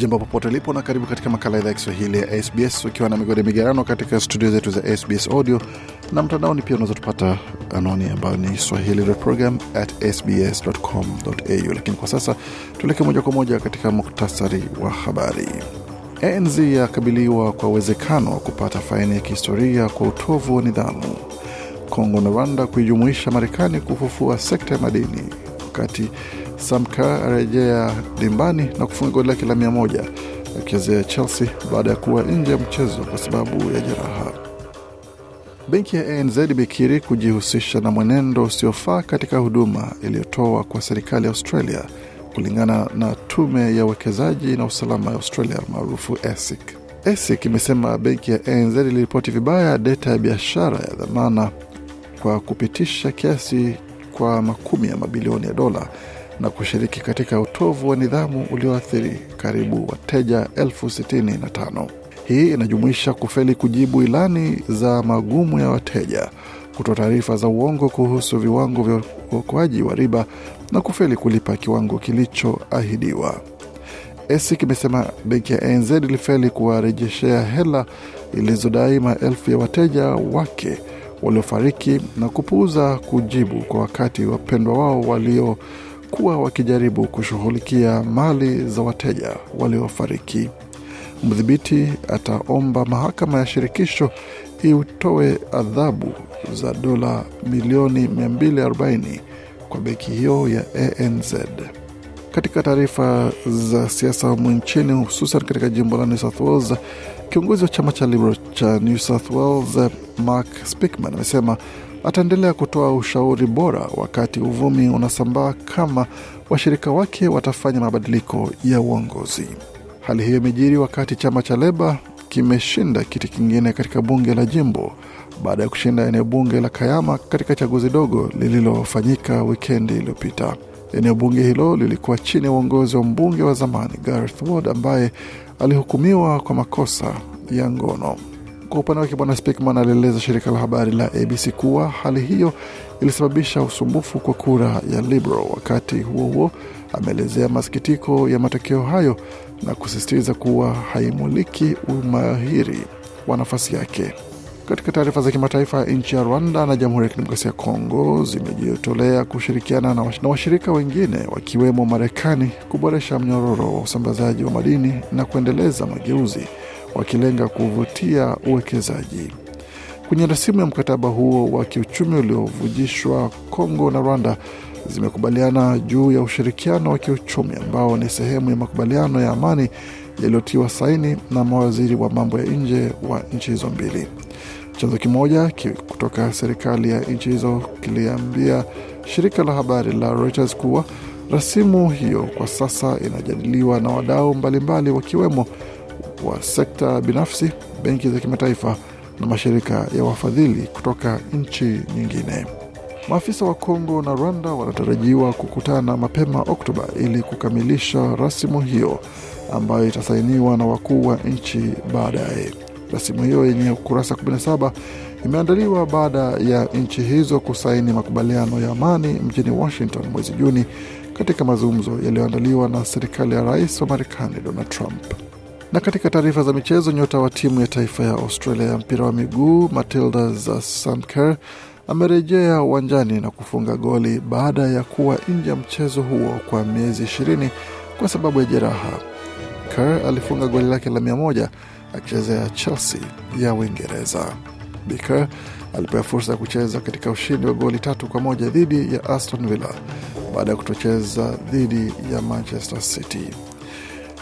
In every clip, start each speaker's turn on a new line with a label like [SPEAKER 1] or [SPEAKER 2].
[SPEAKER 1] Jambo popote ulipo na karibu katika makala idhaa ya Kiswahili ya SBS ukiwa na migode migerano katika studio zetu za SBS audio na mtandaoni pia unaweza tupata anwani ambayo ni swahiliprogram at Lakini kwa sasa tuelekee moja kwa moja katika muktasari wa habari. ANZ yakabiliwa kwa uwezekano wa kupata faini ya kihistoria kwa utovu wa nidhamu. Kongo na Rwanda kuijumuisha Marekani kufufua sekta ya madini, wakati Samka arejea dimbani na kufunga goli lake la mia moja akichezea Chelsea baada ya kuwa nje ya mchezo kwa sababu ya jeraha. Benki ya ANZ imekiri kujihusisha na mwenendo usiofaa katika huduma iliyotoa kwa serikali ya Australia kulingana na tume ya uwekezaji na usalama ya Australia maarufu ASIC. ASIC imesema benki ya ANZ iliripoti vibaya data ya biashara ya dhamana kwa kupitisha kiasi kwa makumi ya mabilioni ya dola na kushiriki katika utovu wa nidhamu ulioathiri karibu wateja elfu sitini na tano. Hii inajumuisha kufeli kujibu ilani za magumu ya wateja, kutoa taarifa za uongo kuhusu viwango vya uokoaji wa riba na kufeli kulipa kiwango kilichoahidiwa. ESIC imesema benki ya ANZ ilifeli kuwarejeshea hela ilizodai maelfu ya wateja wake waliofariki na kupuuza kujibu kwa wakati wapendwa wao walio walikuwa wakijaribu kushughulikia mali za wateja waliofariki. Mdhibiti ataomba mahakama ya shirikisho itoe adhabu za dola milioni 240 kwa benki hiyo ya ANZ. Katika taarifa za siasa nchini, hususan katika jimbo la New South Wales, kiongozi wa chama cha Liberal cha New South Wales Mark Speakman amesema ataendelea kutoa ushauri bora wakati uvumi unasambaa kama washirika wake watafanya mabadiliko ya uongozi. Hali hiyo imejiri wakati chama cha Leba kimeshinda kiti kingine katika bunge la jimbo baada ya kushinda eneo bunge la Kayama katika chaguzi dogo lililofanyika wikendi iliyopita. Eneo bunge hilo lilikuwa chini ya uongozi wa mbunge wa zamani Gareth Ward ambaye alihukumiwa kwa makosa ya ngono. Kwa upande wake Bwana spikman alieleza shirika la habari la ABC kuwa hali hiyo ilisababisha usumbufu kwa kura ya Liberal. Wakati huo huo, ameelezea masikitiko ya matokeo hayo na kusisitiza kuwa haimuliki umahiri wa nafasi yake. Katika taarifa za kimataifa, nchi ya Rwanda na Jamhuri ya Kidemokrasia ya Kongo zimejitolea kushirikiana na washirika wengine wakiwemo Marekani kuboresha mnyororo wa usambazaji wa madini na kuendeleza mageuzi wakilenga kuvutia uwekezaji. Kwenye rasimu ya mkataba huo wa kiuchumi uliovujishwa, Kongo na Rwanda zimekubaliana juu ya ushirikiano wa kiuchumi ambao ni sehemu ya makubaliano ya amani yaliyotiwa saini na mawaziri wa mambo ya nje wa nchi hizo mbili. Chanzo kimoja kutoka serikali ya nchi hizo kiliambia shirika la habari la Reuters kuwa rasimu hiyo kwa sasa inajadiliwa na wadau mbalimbali wakiwemo wa sekta binafsi, benki za kimataifa na mashirika ya wafadhili kutoka nchi nyingine. Maafisa wa Kongo na Rwanda wanatarajiwa kukutana mapema Oktoba ili kukamilisha rasimu hiyo ambayo itasainiwa na wakuu wa nchi baadaye. Rasimu hiyo yenye kurasa 17 imeandaliwa baada ya nchi hizo kusaini makubaliano ya amani mjini Washington mwezi Juni katika mazungumzo yaliyoandaliwa na serikali ya rais wa Marekani Donald Trump. Na katika taarifa za michezo, nyota wa timu ya taifa ya Australia ya mpira wa miguu Matilda za sanker amerejea uwanjani na kufunga goli baada ya kuwa nje ya mchezo huo kwa miezi ishirini kwa sababu ya jeraha. Kerr alifunga goli lake la 1 akichezea Chelsea ya Uingereza. Biker alipewa fursa ya kucheza katika ushindi wa goli tatu kwa moja dhidi ya Aston Villa baada ya kutocheza dhidi ya Manchester City.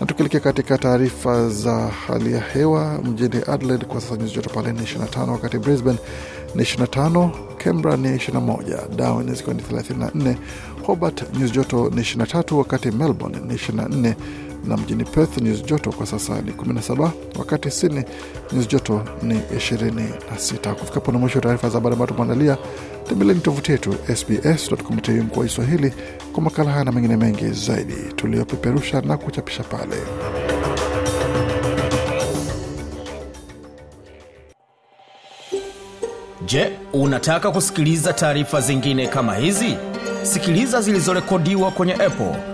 [SPEAKER 1] Na tukielekea katika taarifa za hali ya hewa mjini Adelaide kwa sasa nyuzi joto pale ni 25, wakati Brisbane ni 25, Canberra ni 21, Darwin zikiwa ni 34, Hobart nyuzi joto ni 23, wakati Melbourne ni 24 na mjini Perth nyuzi joto kwa sasa ni 17, wakati Sydney nyuzi joto ni 26. Kufikapo na mwisho taarifa za habari ambayo tumeandalia, tembeleni tovuti yetu sbs.com.au kwa Kiswahili kwa makala haya na mengine mengi zaidi tuliyopeperusha na kuchapisha pale. Je, unataka kusikiliza taarifa zingine kama hizi? Sikiliza zilizorekodiwa kwenye Apple